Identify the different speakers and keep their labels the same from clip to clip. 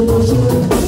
Speaker 1: Thank you.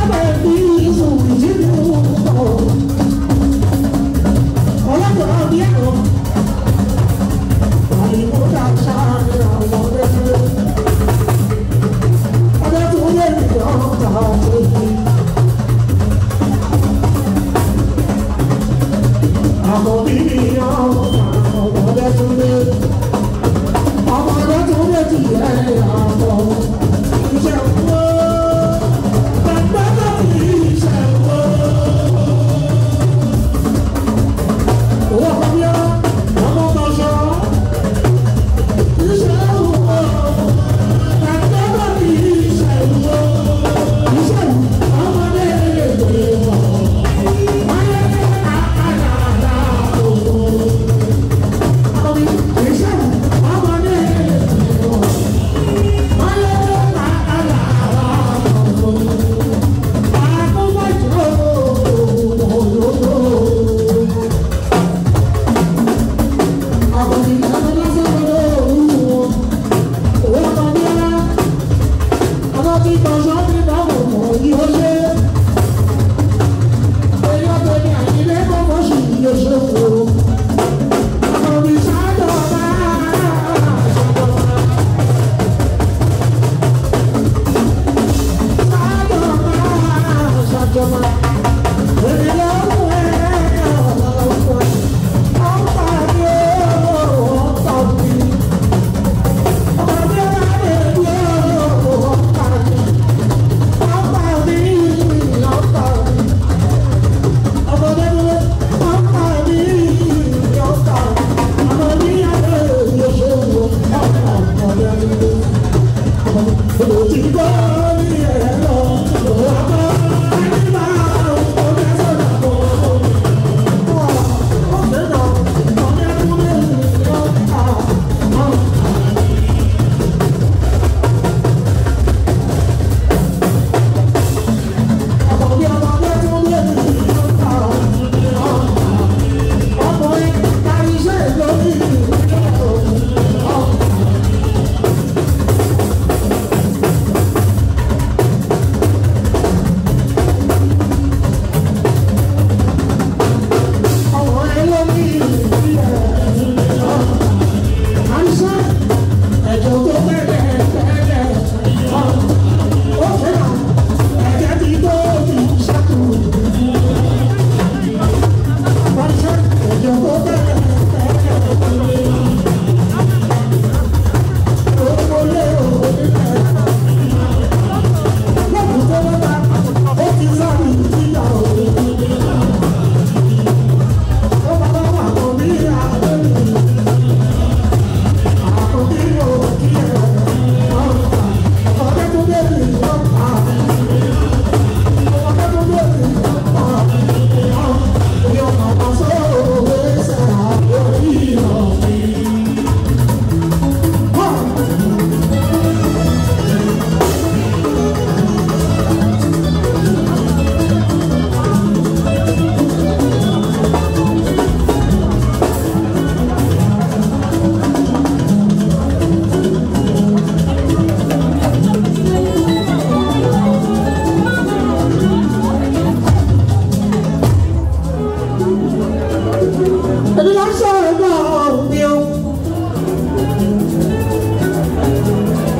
Speaker 1: your life.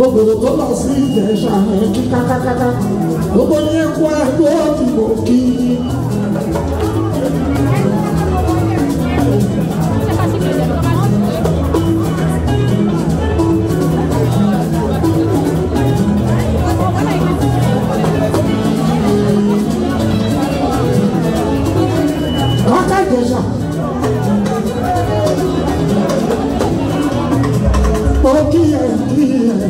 Speaker 1: gbogbo tó lọ sí ìjẹ̀ṣà ẹ̀ kí kákákáká gbogbo ní ẹ̀kọ́ ẹ̀kọ́ ti mọ̀ kí.